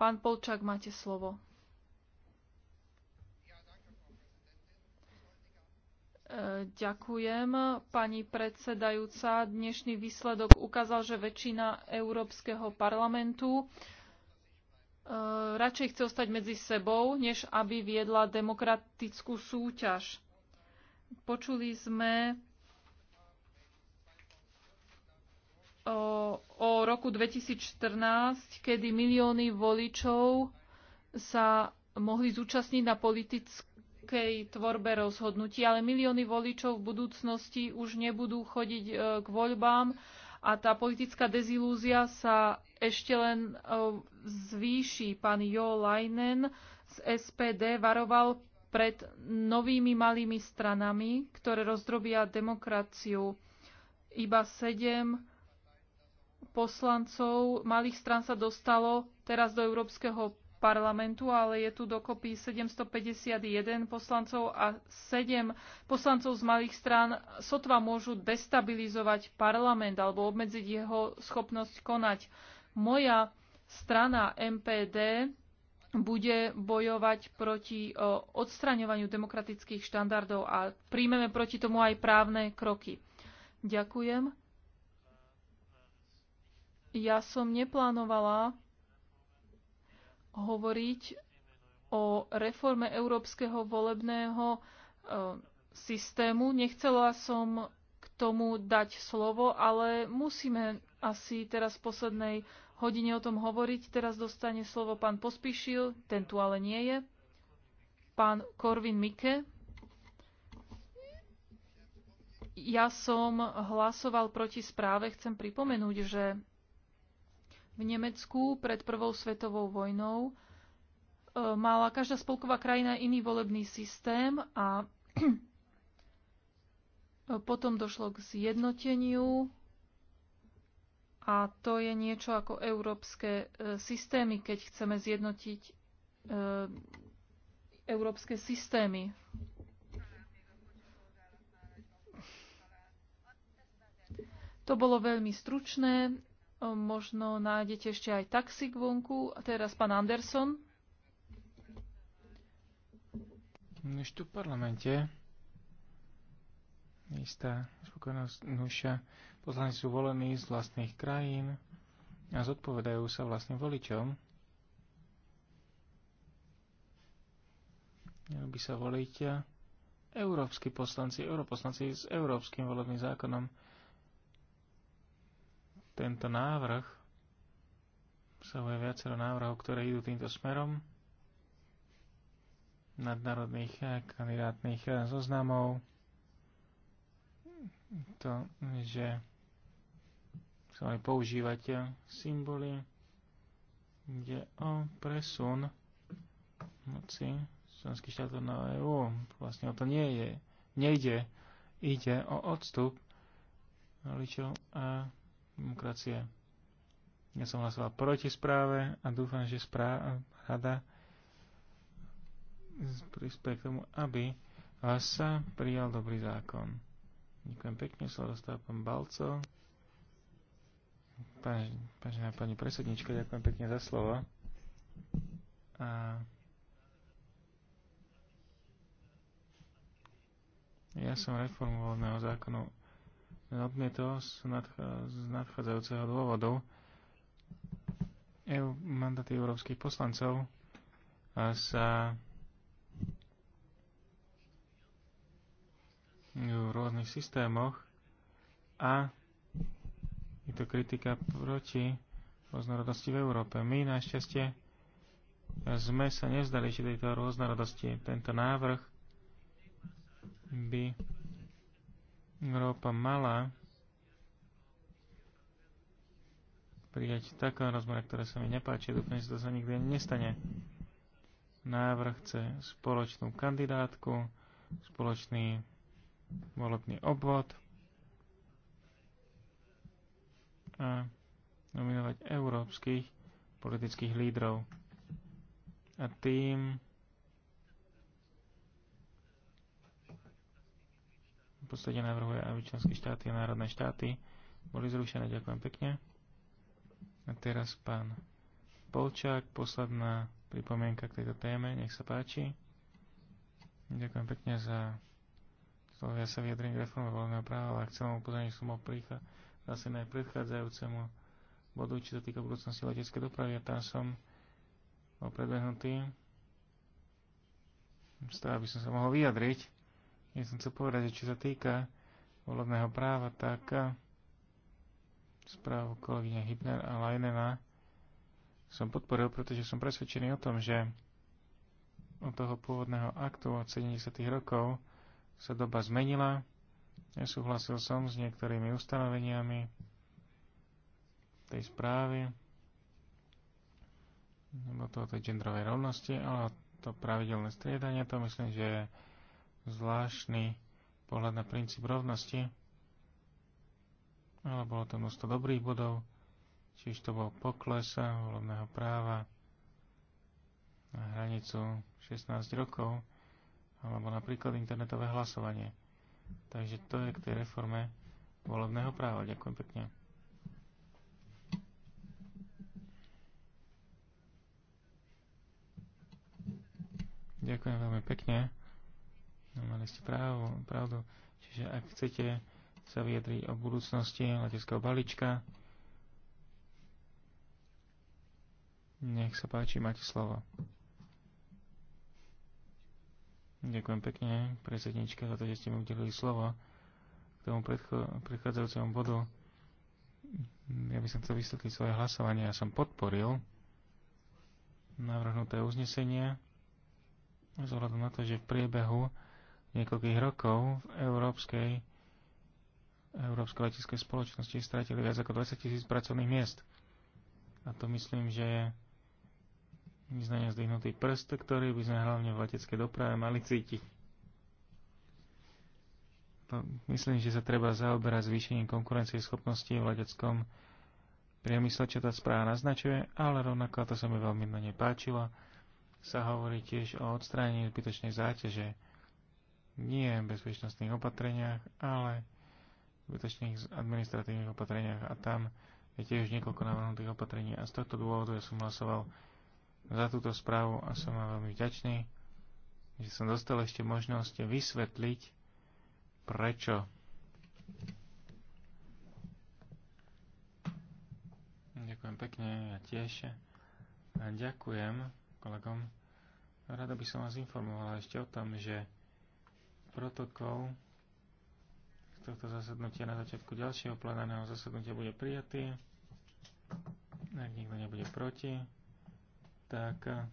Pán Polčák, máte slovo. E, ďakujem, pani predsedajúca. Dnešný výsledok ukázal, že väčšina Európskeho parlamentu e, radšej chce ostať medzi sebou, než aby viedla demokratickú súťaž. Počuli sme o roku 2014, kedy milióny voličov sa mohli zúčastniť na politickej tvorbe rozhodnutí, ale milióny voličov v budúcnosti už nebudú chodiť e, k voľbám a tá politická dezilúzia sa ešte len e, zvýši. Pán Jo Leinen z SPD varoval pred novými malými stranami, ktoré rozdrobia demokraciu. Iba sedem poslancov malých strán sa dostalo teraz do Európskeho parlamentu, ale je tu dokopy 751 poslancov a 7 poslancov z malých strán sotva môžu destabilizovať parlament alebo obmedziť jeho schopnosť konať. Moja strana MPD bude bojovať proti odstraňovaniu demokratických štandardov a príjmeme proti tomu aj právne kroky. Ďakujem. Ja som neplánovala hovoriť o reforme európskeho volebného e, systému. Nechcela som k tomu dať slovo, ale musíme asi teraz v poslednej hodine o tom hovoriť. Teraz dostane slovo pán Pospíšil, ten tu ale nie je. Pán Korvin Mike. Ja som hlasoval proti správe. Chcem pripomenúť, že v Nemecku pred Prvou svetovou vojnou e, mala každá spolková krajina iný volebný systém a e, potom došlo k zjednoteniu a to je niečo ako európske e, systémy, keď chceme zjednotiť európske systémy. To bolo veľmi stručné. Možno nájdete ešte aj taxík vonku. A teraz pán Anderson. Už tu v parlamente istá spokojnosť nuša. Poslanci sú volení z vlastných krajín a zodpovedajú sa vlastným voličom. Nelo by sa voliť európsky poslanci, europoslanci s európskym volebným zákonom tento návrh obsahuje viacero návrhov, ktoré idú týmto smerom nadnárodných eh, kandidátnych eh, zoznamov. To, že sa mali používať eh, symboly, ide o presun moci členských štátov na EU. Vlastne o to nie je. Nejde. Ide o odstup voličov a demokracie. Ja som hlasoval proti správe a dúfam, že správa rada prispie k tomu, aby sa prijal dobrý zákon. Ďakujem pekne, sa dostal pán Balco. Pán, pani presednička, ďakujem pekne za slovo. A ja som reformu volného zákonu Robíme to z, nadch- z nadchádzajúceho dôvodu. EU, mandaty európskych poslancov sa v rôznych systémoch a je to kritika proti rôznorodosti v Európe. My našťastie sme sa nevzdali, že tejto rôznorodosti tento návrh by Európa mala prijať také rozmer, ktoré sa mi nepáči. Dúfam, že to sa nikdy nestane. Návrh chce spoločnú kandidátku, spoločný volebný obvod a nominovať európskych politických lídrov. A tým podstate navrhuje, aby členské štáty a národné štáty boli zrušené. Ďakujem pekne. A teraz pán Polčák, posledná pripomienka k tejto téme, nech sa páči. Ďakujem pekne za slovo, ja sa vyjadrím k reforme voľného práva, ale vám upozorniť, že som prichá, zase aj predchádzajúcemu bodu, či sa týka budúcnosti leteckej dopravy, a tam som bol predbehnutý. Z toho, aby som sa mohol vyjadriť. Ja som chcel povedať, že čo sa týka volebného práva, tak eh, správu kolegyne Hybner a Leinena som podporil, pretože som presvedčený o tom, že od toho pôvodného aktu od 70. rokov sa doba zmenila. Nesúhlasil ja som s niektorými ustanoveniami tej správy, nebo to o tej genderovej rovnosti, ale to pravidelné striedanie, to myslím, že je zvláštny pohľad na princíp rovnosti, ale bolo to množstvo dobrých bodov, čiž to bol pokles volebného práva na hranicu 16 rokov, alebo napríklad internetové hlasovanie. Takže to je k tej reforme volebného práva. Ďakujem pekne. Ďakujem veľmi pekne. No, mali ste právo, pravdu. Čiže ak chcete sa vyjadriť o budúcnosti leteckého balíčka, nech sa páči, máte slovo. Ďakujem pekne, predsednička, za to, že ste mi udelili slovo k tomu predcho- predchádzajúcemu bodu. Ja by som chcel vysvetliť svoje hlasovanie. Ja som podporil navrhnuté uznesenie Vzhľadom na to, že v priebehu niekoľkých rokov v Európskej Európskej leteckej spoločnosti stratili viac ako 20 tisíc pracovných miest. A to myslím, že je význania zdvihnutý prst, ktorý by sme hlavne v leteckej doprave mali cítiť. Myslím, že sa treba zaoberať zvýšením konkurencie schopnosti v leteckom priemysle, čo tá správa naznačuje, ale rovnako, to sa mi veľmi na nepáčilo, sa hovorí tiež o odstránení zbytočnej záťaže nie bezpečnostných opatreniach, ale skutočných administratívnych opatreniach a tam je tiež niekoľko navrhnutých opatrení a z tohto dôvodu ja som hlasoval za túto správu a som vám veľmi vďačný, že som dostal ešte možnosť vysvetliť, prečo. Ďakujem pekne, ja tiež. A ďakujem kolegom. Rada by som vás informovala ešte o tom, že protokol tohto zasadnutia na začiatku ďalšieho plenárneho zasadnutia bude prijatý. Ak nikto nebude proti, tak